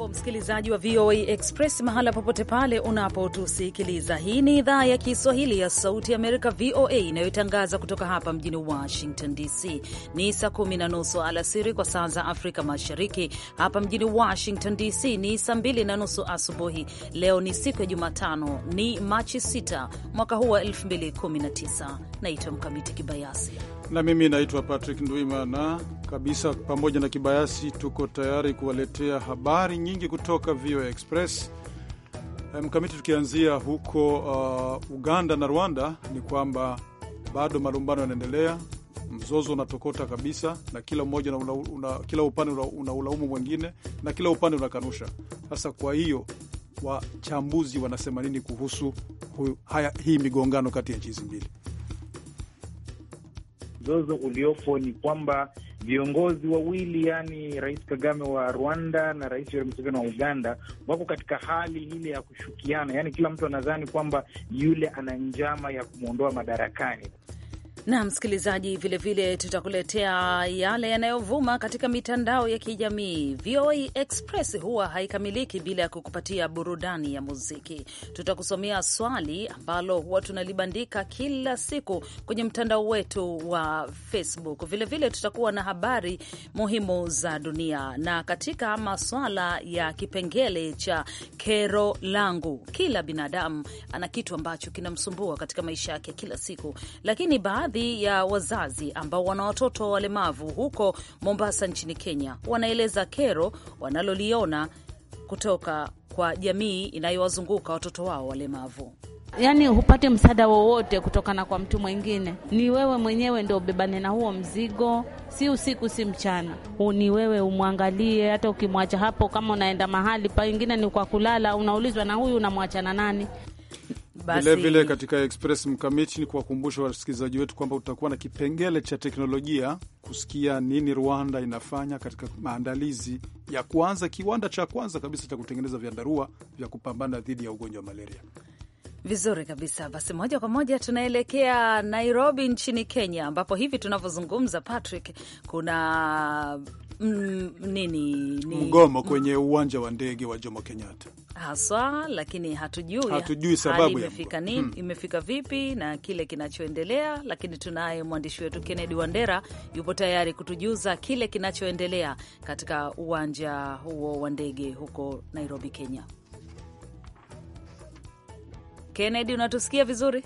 Hujambo msikilizaji wa VOA Express mahala popote pale unapotusikiliza. Hii ni idhaa ya Kiswahili ya Sauti Amerika, VOA, inayotangaza kutoka hapa mjini Washington DC. Ni saa kumi na nusu alasiri kwa saa za Afrika Mashariki. Hapa mjini Washington DC ni saa mbili na nusu asubuhi. Leo ni siku ya Jumatano, ni Machi 6 mwaka huu wa 2019. Naitwa Mkamiti Kibayasi na mimi naitwa Patrick Ndwimana kabisa, pamoja na Kibayasi. Tuko tayari kuwaletea habari nyingi kutoka VOA Express eh, Mkamiti. Tukianzia huko uh, Uganda na Rwanda, ni kwamba bado malumbano yanaendelea, mzozo unatokota kabisa, na kila mmoja una, una, kila upande una ulaumu mwingine na kila upande unakanusha. Sasa kwa hiyo wachambuzi wanasema nini kuhusu hu, haya, hii migongano kati ya nchi hizi mbili? mzozo uliopo ni kwamba viongozi wawili, yani Rais Kagame wa Rwanda na Rais Yoweri Museveni wa Uganda, wako katika hali ile ya kushukiana, yani kila mtu anadhani kwamba yule ana njama ya kumwondoa madarakani na msikilizaji, vilevile tutakuletea yale yanayovuma katika mitandao ya kijamii. VOA Express huwa haikamiliki bila ya kukupatia burudani ya muziki. Tutakusomea swali ambalo huwa tunalibandika kila siku kwenye mtandao wetu wa Facebook. Vilevile tutakuwa na habari muhimu za dunia, na katika maswala ya kipengele cha kero langu, kila binadamu ana kitu ambacho kinamsumbua katika maisha yake kila siku, lakini baada baadhi ya wazazi ambao wana watoto walemavu huko Mombasa nchini Kenya wanaeleza kero wanaloliona kutoka kwa jamii inayowazunguka watoto wao walemavu. Yaani hupate msaada wowote kutokana kwa mtu mwingine, ni wewe mwenyewe ndio ubebane na huo mzigo, si usiku si mchana, ni wewe umwangalie. Hata ukimwacha hapo, kama unaenda mahali pengine ni kwa kulala, unaulizwa na huyu unamwacha na nani? Vilevile katika Express Mkamiti, ni kuwakumbusha wasikilizaji wetu kwamba utakuwa na kipengele cha teknolojia, kusikia nini Rwanda inafanya katika maandalizi ya kuanza kiwanda cha kwanza kabisa cha kutengeneza vyandarua vya kupambana dhidi ya ugonjwa wa malaria. Vizuri kabisa. Basi moja kwa moja tunaelekea Nairobi nchini Kenya, ambapo hivi tunavyozungumza, Patrick, kuna mm, nini ni mgomo kwenye uwanja wa ndege wa Jomo Kenyatta haswa, lakini hatujui hatujui sababu imefika nini, hmm, imefika vipi na kile kinachoendelea, lakini tunaye mwandishi wetu Kennedy Wandera yupo tayari kutujuza kile kinachoendelea katika uwanja huo wa ndege huko Nairobi, Kenya. Kennedy, unatusikia vizuri?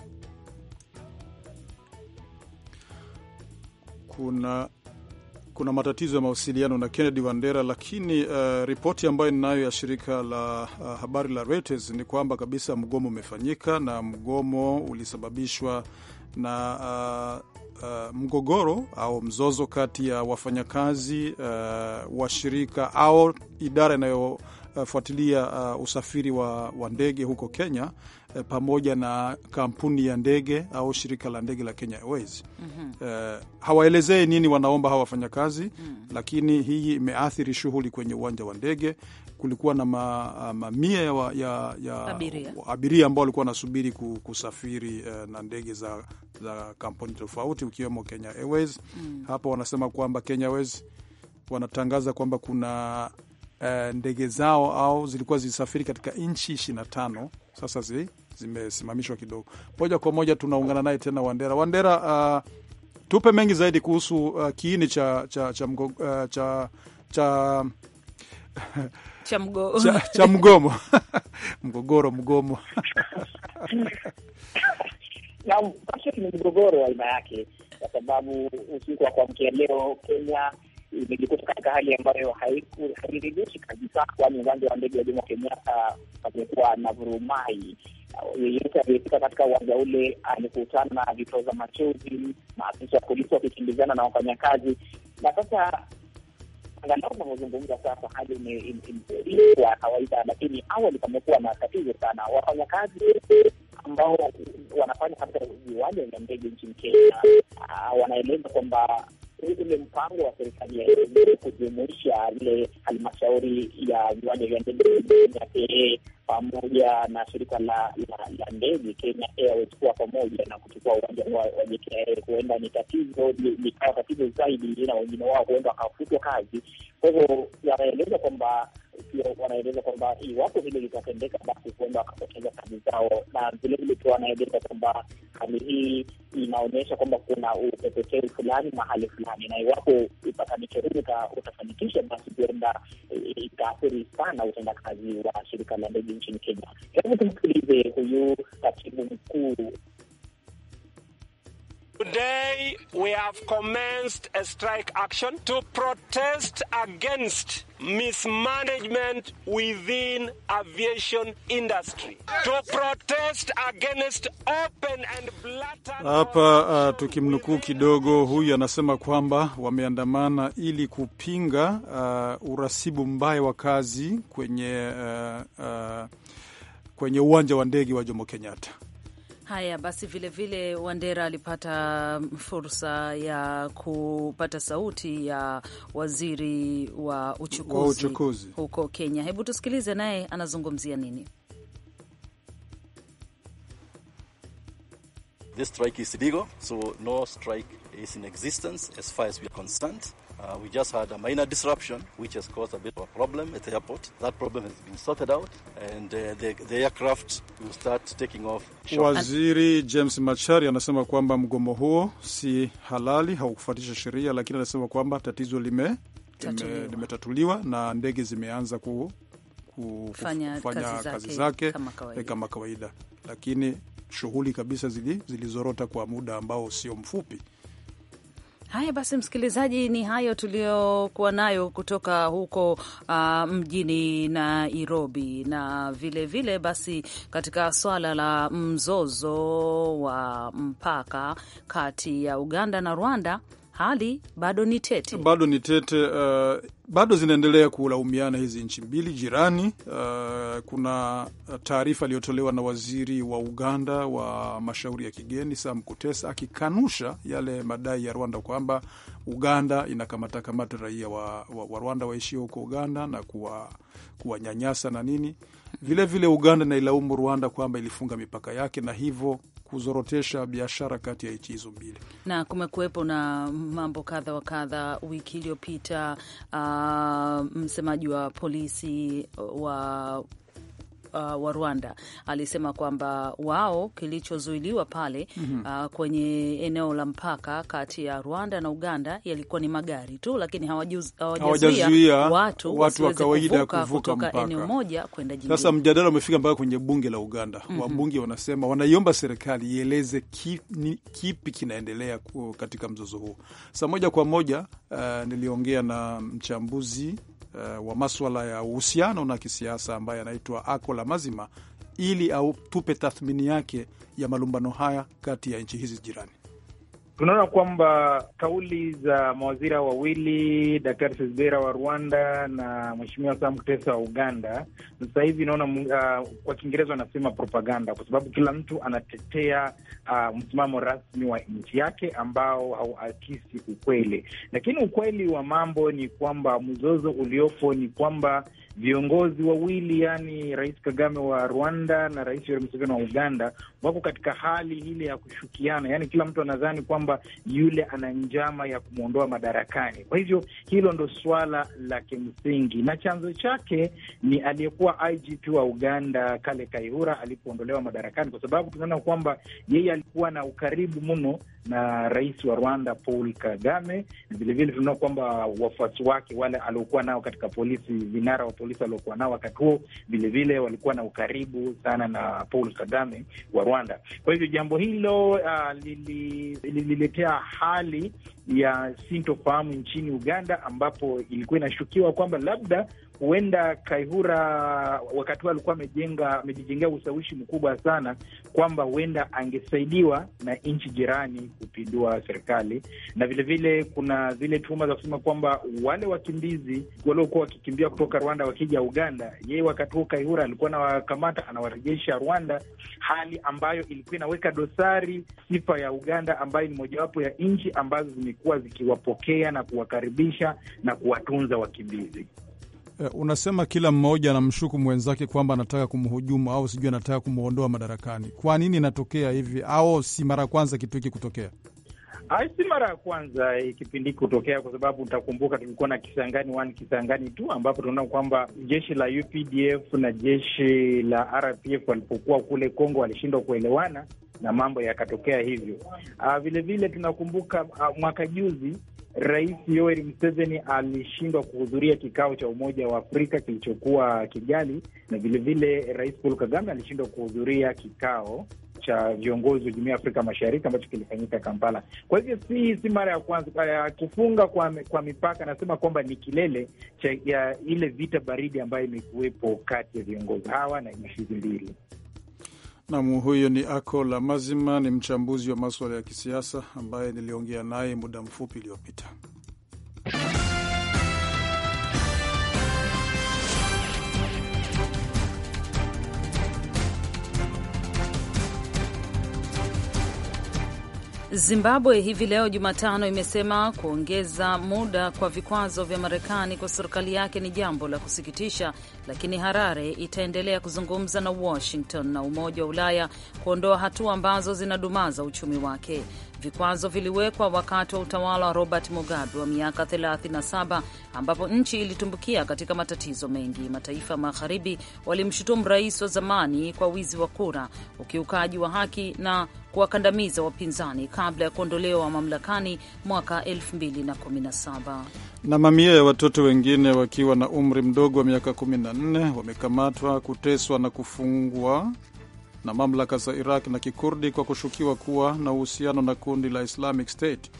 Kuna kuna matatizo ya mawasiliano na Kennedy Wandera, lakini uh, ripoti ambayo ninayo ya shirika la uh, habari la Reuters ni kwamba kabisa mgomo umefanyika na mgomo ulisababishwa na uh, uh, mgogoro au mzozo kati ya wafanyakazi uh, wa shirika au idara inayofuatilia uh, usafiri wa, wa ndege huko Kenya eh, pamoja na kampuni ya ndege au shirika la ndege la Kenya Airways. mm -hmm. eh, hawaelezei nini wanaomba hawa wafanyakazi mm -hmm. lakini hii imeathiri shughuli kwenye uwanja wa ndege. Kulikuwa na ah, mamia ma ya, ya abiria ambao walikuwa wanasubiri kusafiri uh, na ndege za, za kampuni tofauti ukiwemo Kenya Airways mm -hmm. Hapo wanasema kwamba Kenya Airways wanatangaza kwamba kuna Uh, ndege zao au zilikuwa zisafiri katika nchi 25 sasa zi, zimesimamishwa kidogo. Moja kwa moja tunaungana naye tena Wandera. Wandera, uh, tupe mengi zaidi kuhusu uh, kiini cha cha cha mgo, uh, cha, cha cha mgo. cha, cha mgomo mgogoro mgomo na ni mgogoro aina yake, kwa sababu usiku wa kuamkia leo Kenya imejikuta katika hali ambayo hairidhishi kabisa, kwani uwanja wa ndege wa Jomo Kenyatta pamekuwa uh, na vurumai. Uh, yeyote aliyefika katika uwanja ule alikutana na vitoza machozi, maafisa wa polisi wakikimbizana na wafanyakazi. Na sasa angalau navyozungumza sasa, hali ilikuwa kawaida, lakini awali pamekuwa na tatizo sana. Wafanyakazi ambao wanafanya katika viwanja vya ndege nchini Kenya uh, wanaeleza kwamba ule mpango wa serikali ya kujumuisha ile halmashauri ya viwanja vya ndege Kenya KAA pamoja na shirika la la ndege Kenya Airways kuwa pamoja na kuchukua uwanja wa JKIA, huenda ni tatizo likawa tatizo zaidi, na wengine wao huenda wakafutwa kazi. Kwa hivyo wanaeleza kwamba pia wanaeleza kwamba iwapo vile litatendeka, basi huenda wakapoteza kazi zao, na vilevile pia wanaeleza kwamba hali hii inaonyesha kwamba kuna upepetei fulani mahali fulani, na iwapo upatanisho huu utafanikisha, basi huenda ikaathiri sana utendakazi wa shirika la ndege nchini Kenya. Hebu tumsikilize huyu katibu mkuu Today we have commenced a strike action to protest against mismanagement within aviation industry. To protest against open and blatant... Hapa uh, tukimnukuu kidogo, huyu anasema kwamba wameandamana ili kupinga uh, urasibu mbaya wa kazi kwenye uh, uh, kwenye uwanja wa ndege wa Jomo Kenyatta. Haya basi, vilevile vile Wandera alipata fursa ya kupata sauti ya waziri wa uchukuzi, wa uchukuzi huko Kenya. Hebu tusikilize naye anazungumzia nini. This strike is legal, so no strike is in existence as far as we are concerned. Uh, we just had a minor disruption which has caused a bit of a problem at the airport. That problem has been sorted out and uh, the, the aircraft will start taking off. Waziri James Machari anasema kwamba mgomo huo si halali, haukufuatisha sheria, lakini anasema kwamba tatizo lime limetatuliwa na ndege zimeanza ku, ku, kufanya, kufanya kazi kazi zake kama kawaida, eh, kama kawaida, lakini shughuli kabisa zilizorota zili kwa muda ambao sio mfupi. Haya basi, msikilizaji, ni hayo tuliyokuwa nayo kutoka huko uh, mjini Nairobi, na vilevile vile basi katika swala la mzozo wa mpaka kati ya Uganda na Rwanda hali bado ni tete, bado ni tete. Uh, bado zinaendelea kulaumiana hizi nchi mbili jirani. Uh, kuna taarifa iliyotolewa na waziri wa Uganda wa mashauri ya kigeni Sam Kutesa akikanusha yale madai ya Rwanda kwamba Uganda inakamatakamata raia wa, wa, wa Rwanda waishio huko Uganda na kuwanyanyasa kuwa na nini Vilevile vile Uganda inailaumu Rwanda kwamba ilifunga mipaka yake na hivyo kuzorotesha biashara kati ya nchi hizo mbili. Na kumekuwepo na mambo kadha wa kadha wiki iliyopita. Uh, msemaji wa polisi uh, wa uh, wa Rwanda alisema kwamba wao kilichozuiliwa pale mm -hmm. uh, kwenye eneo la mpaka kati ya Rwanda na Uganda yalikuwa ni magari tu, lakini hawajazuia watu, watu wa kawaida kuvuka, kuvuka kutoka eneo moja kwenda jingine. Sasa mjadala umefika mpaka kwenye bunge la Uganda mm -hmm. Wabunge wanasema wanaiomba serikali ieleze ki, kipi kinaendelea katika mzozo huo. sa moja kwa moja uh, niliongea na mchambuzi uh, wa maswala ya uhusiano na kisiasa ambaye anaitwa Ako la Mazima ili atupe tathmini yake ya malumbano haya kati ya nchi hizi jirani tunaona kwamba kauli za mawaziri wawili Daktari Sesbera wa Rwanda na Mheshimiwa Sam Kutesa wa Uganda, sasa hivi naona uh, kwa Kiingereza wanasema propaganda, kwa sababu kila mtu anatetea uh, msimamo rasmi wa nchi yake ambao hauakisi ukweli. Lakini ukweli wa mambo ni kwamba mzozo uliopo ni kwamba viongozi wawili yani Rais Kagame wa Rwanda na Rais Yoweri Museveni wa Uganda wako katika hali ile ya kushukiana, yani kila mtu anadhani kwamba yule ana njama ya kumwondoa madarakani. Kwa hivyo hilo ndo swala la kimsingi, na chanzo chake ni aliyekuwa IGP wa Uganda Kale Kaihura alipoondolewa madarakani, kwa sababu tunaona kwamba yeye alikuwa na ukaribu mno na rais wa Rwanda Paul Kagame. Vilevile tunaona kwamba wafuasi wake wale aliokuwa nao katika polisi, vinara wa polisi waliokuwa nao wakati huo, vilevile walikuwa na ukaribu sana na Paul Kagame wa Rwanda. Kwa hivyo jambo hilo uh, lililetea li, li, hali ya sintofahamu nchini Uganda, ambapo ilikuwa inashukiwa kwamba labda huenda Kaihura wakati huo alikuwa amejenga amejijengea ushawishi mkubwa sana kwamba huenda angesaidiwa na nchi jirani kupindua serikali, na vilevile vile kuna zile tuhuma za kusema kwamba wale wakimbizi waliokuwa wakikimbia kutoka Rwanda wakija Uganda, yeye wakati huo Kaihura alikuwa anawakamata anawarejesha Rwanda, hali ambayo ilikuwa inaweka dosari sifa ya Uganda ambayo ni mojawapo ya nchi ambazo zimekuwa zikiwapokea na kuwakaribisha na kuwatunza wakimbizi. Eh, unasema kila mmoja anamshuku mwenzake kwamba anataka kumhujumu au sijui anataka kumwondoa madarakani. Kwa nini inatokea hivi? Au si mara ya kwanza kitu hiki kutokea? si mara ya kwanza kipindi kutokea, kwa sababu utakumbuka tulikuwa na Kisangani one Kisangani tu ambapo tunaona kwamba jeshi la UPDF na jeshi la RPF walipokuwa kule Kongo walishindwa kuelewana na mambo yakatokea hivyo. Vilevile ah, tunakumbuka ah, mwaka juzi Rais Yoweri Museveni alishindwa kuhudhuria kikao cha Umoja wa Afrika kilichokuwa Kigali, na vilevile Rais Paul Kagame alishindwa kuhudhuria kikao cha viongozi wa jumuia ya Afrika Mashariki ambacho kilifanyika Kampala. Kwa hivyo si si mara ya kwanza ya kufunga kwa, kwa mipaka. Anasema kwamba ni kilele cha ya ile vita baridi ambayo imekuwepo kati ya viongozi hawa na nchi hizi mbili. Nam huyo ni la Mazima, ni mchambuzi wa maswala ya kisiasa ambaye niliongea naye muda mfupi uliopita. Zimbabwe hivi leo Jumatano imesema kuongeza muda kwa vikwazo vya Marekani kwa serikali yake ni jambo la kusikitisha, lakini Harare itaendelea kuzungumza na Washington na Umoja wa Ulaya kuondoa hatua ambazo zinadumaza uchumi wake. Vikwazo viliwekwa wakati wa utawala wa Robert Mugabe wa miaka 37 ambapo nchi ilitumbukia katika matatizo mengi. Mataifa magharibi walimshutumu rais wa zamani kwa wizi wa kura, ukiukaji wa haki na kuwakandamiza wapinzani kabla ya kuondolewa mamlakani mwaka 2017. Na mamia ya watoto wengine wakiwa na umri mdogo wa miaka 14 wamekamatwa, kuteswa na kufungwa na mamlaka za Iraq na Kikurdi kwa kushukiwa kuwa na uhusiano na kundi la Islamic State.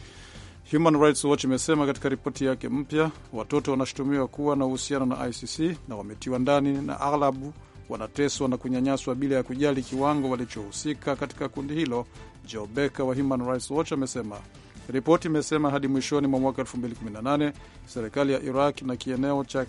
Human Rights Watch imesema katika ripoti yake mpya, watoto wanashutumiwa kuwa na uhusiano na ICC na wametiwa ndani na aghlabu wanateswa na kunyanyaswa bila ya kujali kiwango walichohusika katika kundi hilo. Joe Becker wa Human Rights Watch amesema ripoti imesema hadi mwishoni mwa mwaka 2018 serikali ya Iraq na kieneo cha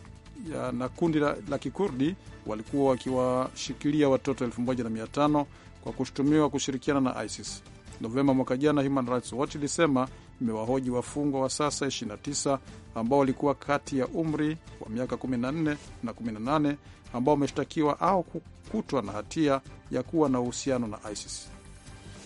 ya, na kundi la, la kikurdi walikuwa wakiwashikilia watoto 1500 kwa kushutumiwa kushirikiana na ISIS. Novemba mwaka jana, Human Rights Watch ilisema imewahoji wafungwa wa sasa 29 ambao walikuwa kati ya umri wa miaka 14 na 18 ambao wameshtakiwa au kukutwa na hatia ya kuwa na uhusiano na ISIS.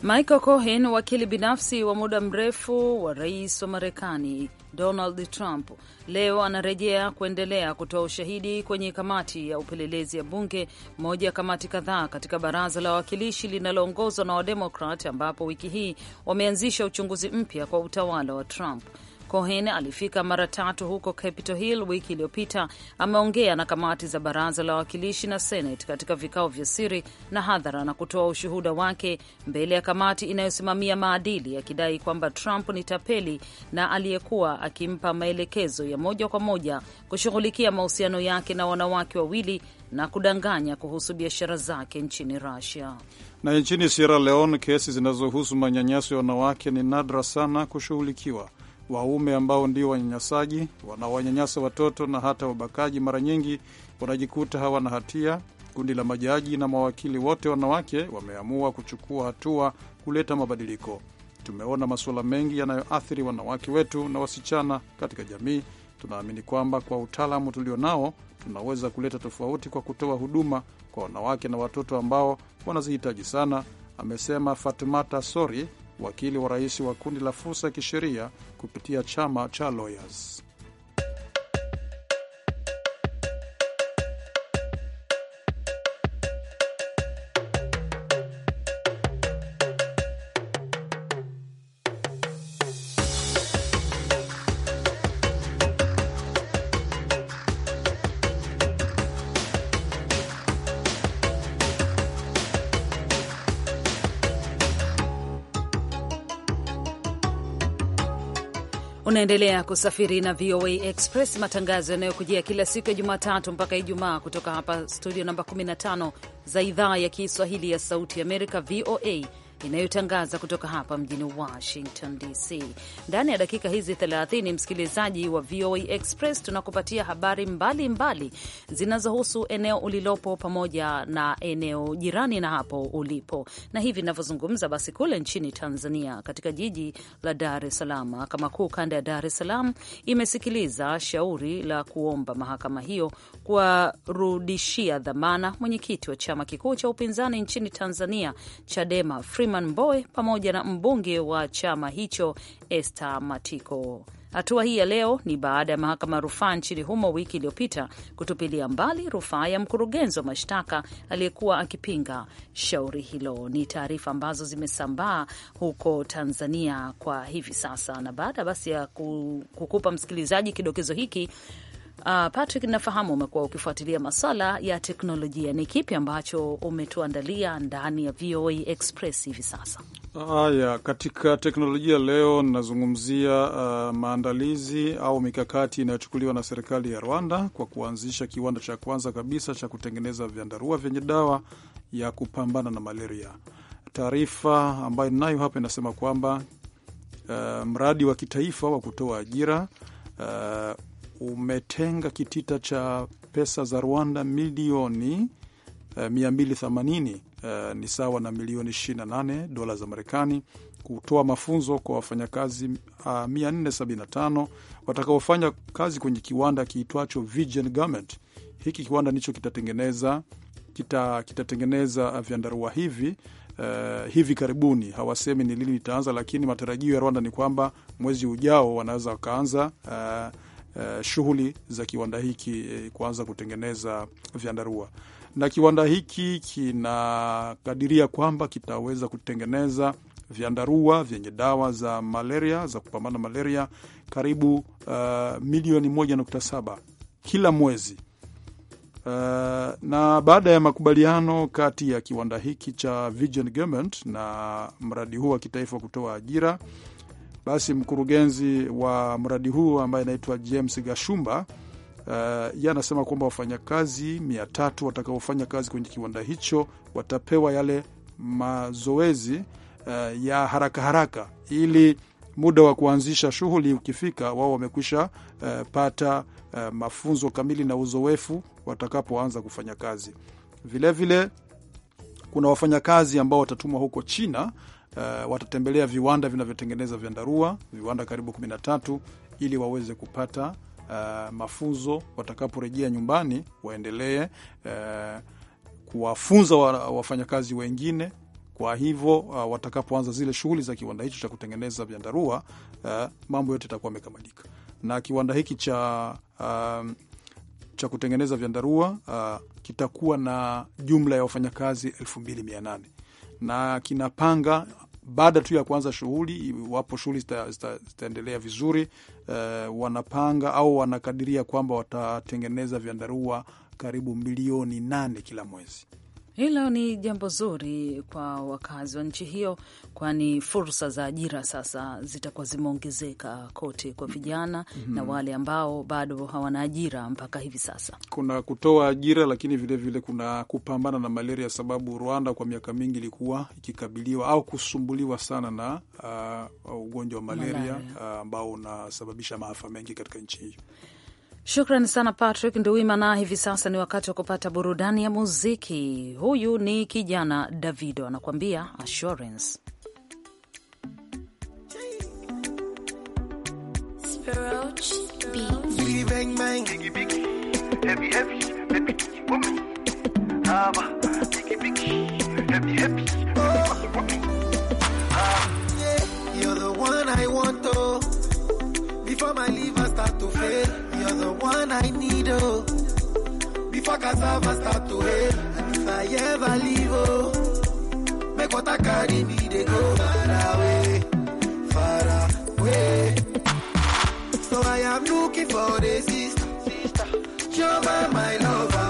Michael Cohen, wakili binafsi wa muda mrefu wa rais wa Marekani Donald Trump, leo anarejea kuendelea kutoa ushahidi kwenye kamati ya upelelezi ya bunge, moja ya kamati kadhaa katika baraza la wawakilishi linaloongozwa na Wademokrat, ambapo wiki hii wameanzisha uchunguzi mpya kwa utawala wa Trump. Cohen alifika mara tatu huko Capitol Hill wiki iliyopita. Ameongea na kamati za baraza la wawakilishi na Senate katika vikao vya siri na hadhara na kutoa ushuhuda wake mbele ya kamati inayosimamia maadili, akidai kwamba Trump ni tapeli na aliyekuwa akimpa maelekezo ya moja kwa moja kushughulikia mahusiano yake na wanawake wawili na kudanganya kuhusu biashara zake nchini Russia. Na nchini Sierra Leone, kesi zinazohusu manyanyaso ya wanawake ni nadra sana kushughulikiwa waume ambao ndio wanyanyasaji, wanawanyanyasa watoto na hata wabakaji, mara nyingi wanajikuta hawana hatia. Kundi la majaji na mawakili wote wanawake wameamua kuchukua hatua kuleta mabadiliko. Tumeona masuala mengi yanayoathiri wanawake wetu na wasichana katika jamii. Tunaamini kwamba kwa utaalamu tulio nao tunaweza kuleta tofauti kwa kutoa huduma kwa wanawake na watoto ambao wanazihitaji sana, amesema fatmata Sori, wakili wa rais wa kundi la fursa ya kisheria kupitia chama cha Lawyers. Unaendelea kusafiri na VOA Express, matangazo yanayokujia kila siku ya Jumatatu mpaka Ijumaa kutoka hapa studio namba 15 za idhaa ya Kiswahili ya Sauti ya Amerika, VOA inayotangaza kutoka hapa mjini Washington DC. Ndani ya dakika hizi 30, msikilizaji wa VOA Express, tunakupatia habari mbalimbali zinazohusu eneo ulilopo pamoja na eneo jirani na hapo ulipo. Na hivi ninavyozungumza, basi kule nchini Tanzania, katika jiji la Dar es Salaam, mahakama kuu kanda ya Dar es Salaam imesikiliza shauri la kuomba mahakama hiyo kuwarudishia dhamana mwenyekiti wa chama kikuu cha upinzani nchini Tanzania, Chadema, Freeman Freeman Mbowe pamoja na mbunge wa chama hicho Esther Matiko. Hatua hii ya leo ni baada ya mahakama ya rufaa nchini humo wiki iliyopita kutupilia mbali rufaa ya mkurugenzi wa mashtaka aliyekuwa akipinga shauri hilo. Ni taarifa ambazo zimesambaa huko Tanzania kwa hivi sasa, na baada basi ya kukupa msikilizaji kidokezo hiki Uh, Patrick, nafahamu umekuwa ukifuatilia maswala ya teknolojia. Ni kipi ambacho umetuandalia ndani ya VOA Express hivi sasa? Haya, katika teknolojia leo ninazungumzia uh, maandalizi au mikakati inayochukuliwa na serikali ya Rwanda kwa kuanzisha kiwanda cha kwanza kabisa cha kutengeneza vyandarua vyenye dawa ya kupambana na malaria. Taarifa ambayo ninayo hapa inasema kwamba uh, mradi wa kitaifa wa kutoa ajira uh, umetenga kitita cha pesa za Rwanda milioni uh, 280 uh, ni sawa na milioni 28 dola za Marekani kutoa mafunzo kwa wafanyakazi uh, ah, 475 watakaofanya kazi kwenye kiwanda kiitwacho Garment. Hiki kiwanda ndicho kitatengeneza kita, kitatengeneza vyandarua hivi uh, hivi karibuni. Hawasemi ni lini itaanza, lakini matarajio ya Rwanda ni kwamba mwezi ujao wanaweza wakaanza uh, Eh, shughuli za kiwanda hiki eh, kuanza kutengeneza vyandarua, na kiwanda hiki kinakadiria kwamba kitaweza kutengeneza vyandarua vyenye dawa za malaria za kupambana malaria karibu uh, milioni moja nukta saba kila mwezi. Uh, na baada ya makubaliano kati ya kiwanda hiki cha Government na mradi huu wa kitaifa kutoa ajira basi mkurugenzi wa mradi huu ambaye anaitwa James Gashumba uh, eh, ye anasema kwamba wafanyakazi mia tatu watakaofanya kazi kwenye kiwanda hicho watapewa yale mazoezi uh, ya haraka haraka ili muda wa kuanzisha shughuli ukifika, wao wamekwisha uh, pata uh, mafunzo kamili na uzoefu watakapoanza kufanya kazi. Vilevile vile, kuna wafanyakazi ambao watatumwa huko China Uh, watatembelea viwanda vinavyotengeneza vyandarua, viwanda karibu tatu ili waweze kupata uh, mafunzo. Watakaporejea nyumbani, waendelee uh, kuwafunza wafanyakazi wengine. Kwa hivyo uh, watakapoanza zile shughuli za kiwanda hicho cha kutengeneza vyandarua uh, mambo yote yatakuwa amekamalika na kiwanda hiki cha uh, cha kutengeneza vyandarua uh, kitakuwa na jumla ya wafanyakazi elfu mbili mia nane na kinapanga baada tu ya kuanza shughuli, iwapo shughuli zitaendelea vizuri, uh, wanapanga au wanakadiria kwamba watatengeneza vyandarua karibu milioni nane kila mwezi. Hilo ni jambo zuri kwa wakazi wa nchi hiyo, kwani fursa za ajira sasa zitakuwa zimeongezeka kote kwa vijana mm -hmm. na wale ambao bado hawana ajira mpaka hivi sasa. Kuna kutoa ajira, lakini vilevile vile kuna kupambana na malaria, sababu Rwanda kwa miaka mingi ilikuwa ikikabiliwa au kusumbuliwa sana na uh, ugonjwa wa malaria uh, ambao uh, unasababisha maafa mengi katika nchi hiyo. Shukran sana Patrick Nduwimana. Hivi sasa ni wakati wa kupata burudani ya muziki. Huyu ni kijana Davido anakuambia Assurance. Oh. before my liver start to fail you're the one I need, oh. Before cassava start to hail, and if I ever leave, oh, make what I carry me, they go far away, far away. So I am looking for a sister, sister, Show my, my lover.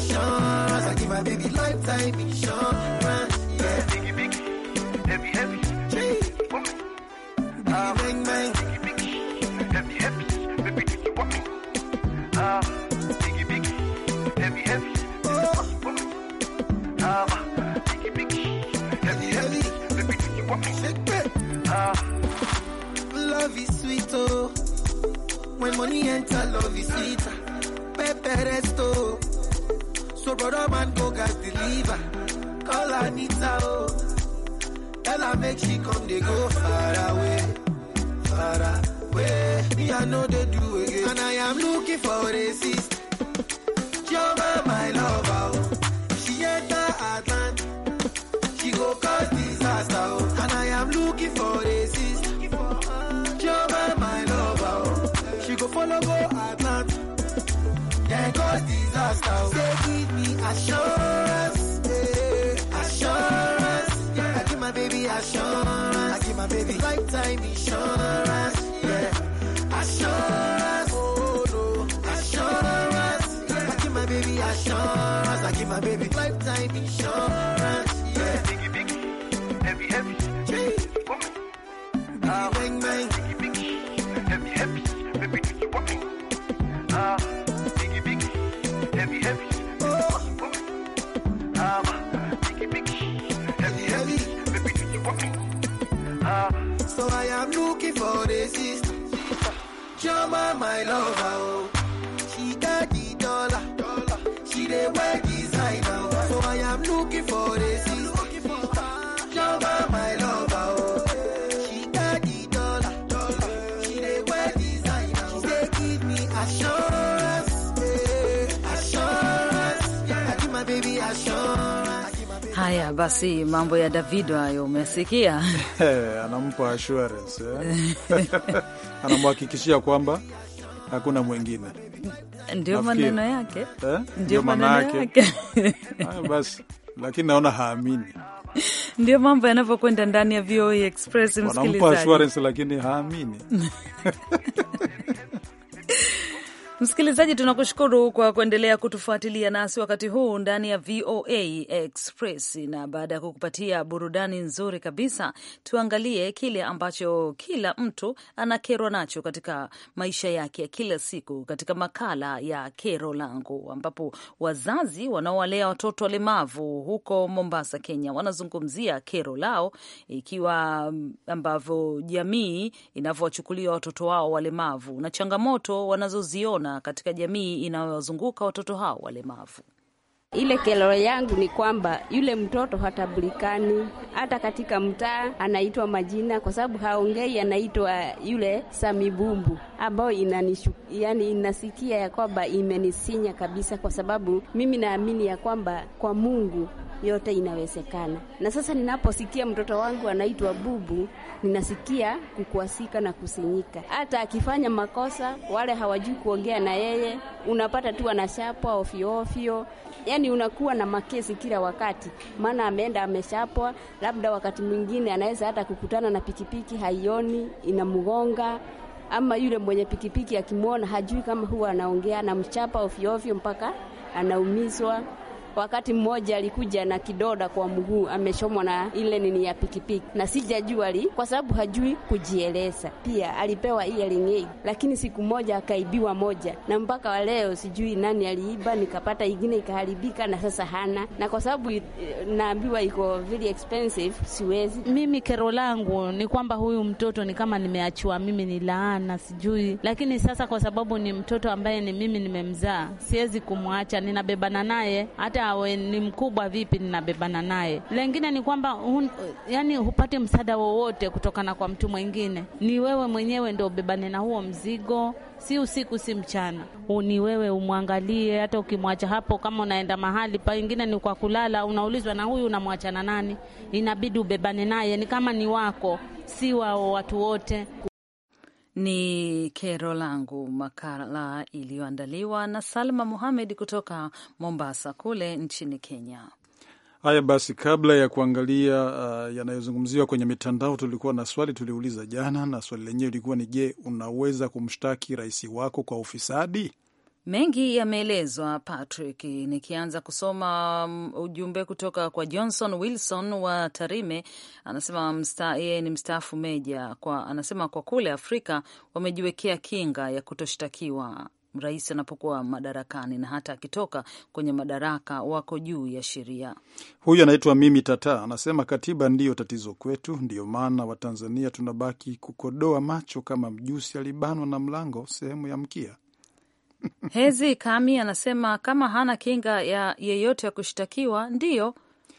I give my baby lifetime insurance. Yeah. Biggie, biggie, heavy, heavy. Uh, you uh, love is sweet, oh. When money enter, love is sweet. Pepe resto. So brother man go guys deliver. Call Anita, oh. Tell her make she come, they go far away, far away. Me I know they do again, and I am looking for a sister. Joma, my lover, oh. She enter Atlanta, she go cause disaster, oh. And I am looking for a sister. Joma, my lover, oh. She go follow go Atlanta, then cause disaster, oh. Assurance, yeah. Assurance, yeah. I give my baby assurance. I give my baby lifetime insurance, yeah. Assurance, oh no. Assurance, yeah. I give my baby assurance. I give my baby lifetime insurance. for the sister. Chama, my lover, oh. She got the dollar. She the work Basi mambo ya Davido hayo umesikia? Anampa assurance eh? anamhakikishia kwamba hakuna mwingine, ndio maneno yake eh? Ndio maneno yake basi, lakini naona haamini ndio mambo yanavyokwenda ndani ya VOA e Express, msikilizaji. assurance lakini haamini Msikilizaji, tunakushukuru kwa kuendelea kutufuatilia nasi wakati huu ndani ya VOA Express, na baada ya kukupatia burudani nzuri kabisa, tuangalie kile ambacho kila mtu anakerwa nacho katika maisha yake ya kila siku, katika makala ya Kero Langu, ambapo wazazi wanaowalea watoto walemavu huko Mombasa, Kenya, wanazungumzia kero lao, ikiwa ambavyo jamii inavyowachukulia watoto wao walemavu na changamoto wanazoziona kuona katika jamii inayowazunguka watoto hao walemavu. Ile kelelo yangu ni kwamba yule mtoto hatabulikani hata katika mtaa, anaitwa majina kwa sababu haongei, anaitwa yule Samibumbu, ambayo inanishu, yani inasikia ya kwamba imenisinya kabisa, kwa sababu mimi naamini ya kwamba kwa Mungu yote inawezekana. Na sasa ninaposikia mtoto wangu anaitwa Bubu, ninasikia kukwasika na kusinyika. Hata akifanya makosa, wale hawajui kuongea na yeye, unapata tu anashapwa ofyoofyo. Yaani unakuwa na makesi kila wakati, maana ameenda ameshapwa. Labda wakati mwingine anaweza hata kukutana na pikipiki, haioni inamgonga ama yule mwenye pikipiki akimwona hajui kama huwa anaongea, anamchapa ovyo ovyo mpaka anaumizwa. Wakati mmoja alikuja na kidoda kwa mguu, ameshomwa na ile nini ya pikipiki, na sijajua li kwa sababu hajui kujieleza. Pia alipewa hearing aid, lakini siku moja akaibiwa moja, na mpaka leo sijui nani aliiba, nikapata ingine ikaharibika, na sasa hana. Na kwa sababu naambiwa iko very expensive, siwezi mimi. Kero langu ni kwamba huyu mtoto ni kama nimeachiwa mimi, ni laana sijui, lakini sasa kwa sababu ni mtoto ambaye ni mimi nimemzaa, siwezi kumwacha, ninabebana naye hata hata awe ni mkubwa vipi, ninabebana naye. Lengine ni kwamba yani hupate msaada wowote kutokana kwa mtu mwingine, ni wewe mwenyewe ndo ubebane na huo mzigo, si usiku si mchana, ni wewe umwangalie. Hata ukimwacha hapo, kama unaenda mahali pengine ni kwa kulala, unaulizwa na huyu unamwacha na nani, inabidi ubebane naye, ni kama ni wako, si wao watu wote. Ni kero langu, makala iliyoandaliwa na Salma Muhamed kutoka Mombasa kule nchini Kenya. Haya basi, kabla ya kuangalia uh, yanayozungumziwa kwenye mitandao, tulikuwa na swali tuliuliza jana, na swali lenyewe ilikuwa ni je, unaweza kumshtaki rais wako kwa ufisadi? Mengi yameelezwa Patrick, nikianza kusoma mm, ujumbe kutoka kwa Johnson Wilson wa Tarime. Anasema msta, yeye ni mstaafu meja kwa, anasema kwa kule Afrika wamejiwekea kinga ya kutoshtakiwa rais anapokuwa madarakani na hata akitoka kwenye madaraka wako juu ya sheria. Huyu anaitwa Mimi Tata, anasema katiba ndiyo tatizo kwetu, ndiyo maana Watanzania tunabaki kukodoa macho kama mjusi alibanwa na mlango sehemu ya mkia. Hezi Kami anasema kama hana kinga ya yeyote ya kushtakiwa, ndiyo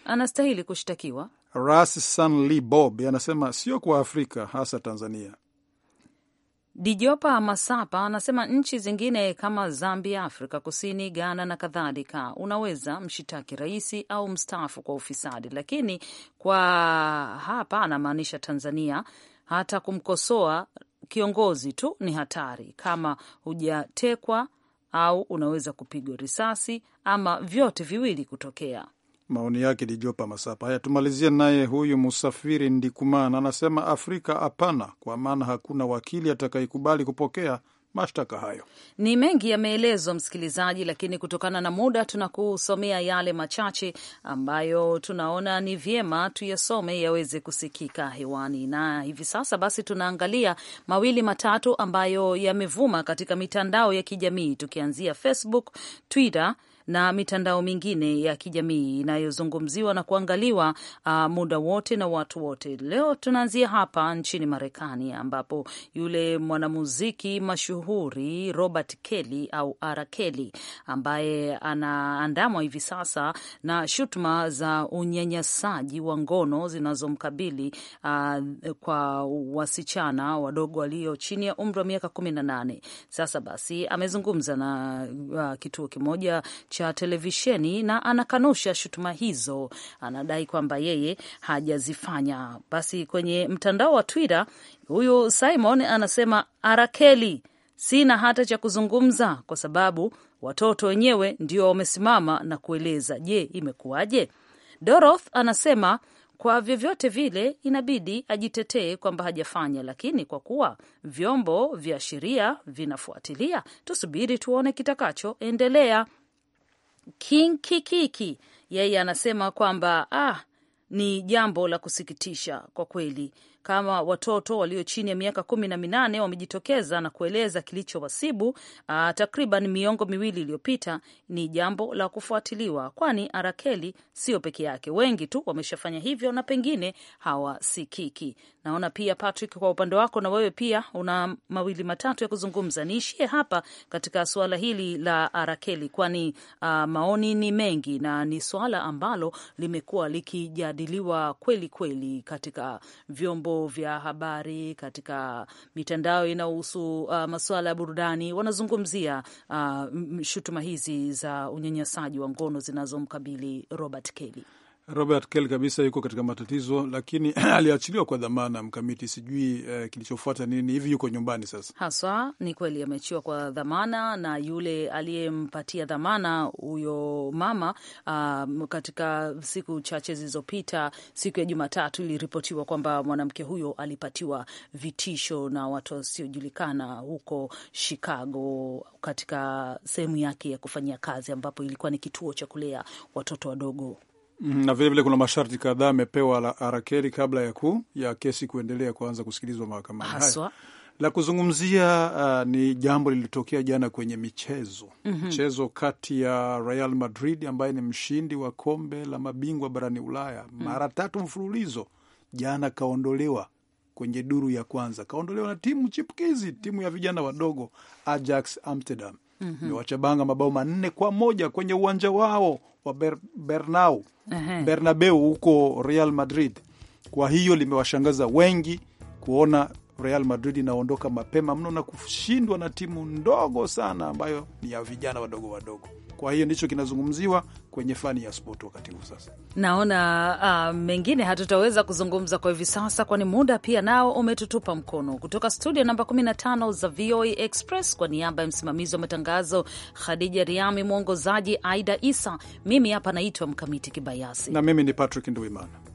anastahili kushtakiwa. Ras Sanli Bob anasema sio kwa Afrika, hasa Tanzania. Dijopa Masapa anasema nchi zingine kama Zambia, Afrika Kusini, Ghana na kadhalika, unaweza mshitaki raisi au mstaafu kwa ufisadi, lakini kwa hapa anamaanisha Tanzania hata kumkosoa kiongozi tu ni hatari kama hujatekwa au unaweza kupigwa risasi ama vyote viwili kutokea. Maoni yake Lijopa Masapa. Haya, tumalizie naye huyu Musafiri Ndikumana anasema, Afrika hapana, kwa maana hakuna wakili atakayekubali kupokea mashtaka hayo. Ni mengi yameelezwa, msikilizaji, lakini kutokana na muda tunakusomea yale machache ambayo tunaona ni vyema tuyasome yaweze kusikika hewani. Na hivi sasa basi tunaangalia mawili matatu ambayo yamevuma katika mitandao ya kijamii tukianzia Facebook, Twitter na mitandao mingine ya kijamii inayozungumziwa na kuangaliwa uh, muda wote na watu wote. Leo tunaanzia hapa nchini Marekani ambapo yule mwanamuziki mashuhuri Robert Kelly au R. Kelly ambaye anaandamwa hivi sasa na shutuma za unyanyasaji wa ngono zinazomkabili uh, kwa wasichana wadogo walio chini ya umri wa miaka kumi na nane. Sasa basi amezungumza na uh, kituo kimoja cha televisheni na anakanusha shutuma hizo, anadai kwamba yeye hajazifanya. Basi kwenye mtandao wa Twitter huyu Simon anasema Arakeli, sina hata cha kuzungumza kwa sababu watoto wenyewe ndio wamesimama na kueleza. Je, imekuwaje? Doroth anasema kwa vyovyote vile inabidi ajitetee kwamba hajafanya, lakini kwa kuwa vyombo vya sheria vinafuatilia, tusubiri tuone kitakachoendelea. King Kikiki yeye anasema kwamba ah, ni jambo la kusikitisha kwa kweli kama watoto walio chini ya miaka kumi na minane wamejitokeza na kueleza kilichowasibu ah, takriban miongo miwili iliyopita, ni jambo la kufuatiliwa, kwani Arakeli sio peke yake. Wengi tu wameshafanya hivyo na pengine hawasikiki. Naona pia Patrick, kwa upande wako na wewe pia una mawili matatu ya kuzungumza. Niishie hapa katika suala hili la Arakeli, kwani uh, maoni ni mengi na ni suala ambalo limekuwa likijadiliwa kweli kweli katika vyombo vya habari, katika mitandao inayohusu uh, masuala ya burudani, wanazungumzia uh, shutuma hizi za unyanyasaji wa ngono zinazomkabili Robert Kelly. Robert Kel kabisa yuko katika matatizo, lakini aliachiliwa kwa dhamana mkamiti. Sijui uh, kilichofuata nini, hivi yuko nyumbani sasa haswa. Ni kweli ameachiwa kwa dhamana, na yule aliyempatia dhamana huyo mama uh, katika siku chache zilizopita, siku ya Jumatatu iliripotiwa kwamba mwanamke huyo alipatiwa vitisho na watu wasiojulikana huko Chicago, katika sehemu yake ya kufanyia kazi, ambapo ilikuwa ni kituo cha kulea watoto wadogo. Mm, na vile vile kuna masharti kadhaa amepewa Arakeli kabla ya ku, ya kesi kuendelea kuanza kusikilizwa mahakamani. Haya la kuzungumzia uh, ni jambo lilitokea jana kwenye michezo mm -hmm. Mchezo kati ya Real Madrid ambaye ni mshindi wa kombe la mabingwa barani Ulaya mm -hmm. mara tatu mfululizo, jana kaondolewa kwenye duru ya kwanza, kaondolewa na timu chipukizi, timu ya vijana wadogo Ajax Amsterdam mm -hmm. mabao manne kwa moja kwenye uwanja wao wa Ber, Bernau, Bernabeu huko Real Madrid. Kwa hiyo limewashangaza wengi kuona Real Madrid inaondoka mapema mno na kushindwa na timu ndogo sana ambayo ni ya vijana wadogo wadogo. Kwa hiyo ndicho kinazungumziwa kwenye fani ya spot wakati huu sasa. Naona uh, mengine hatutaweza kuzungumza kwa hivi sasa, kwani muda pia nao umetutupa mkono. Kutoka studio namba 15 za VOA Express, kwa niaba ya msimamizi wa matangazo Khadija Riami, mwongozaji Aida Isa, mimi hapa naitwa Mkamiti Kibayasi na mimi ni Patrick Nduimana.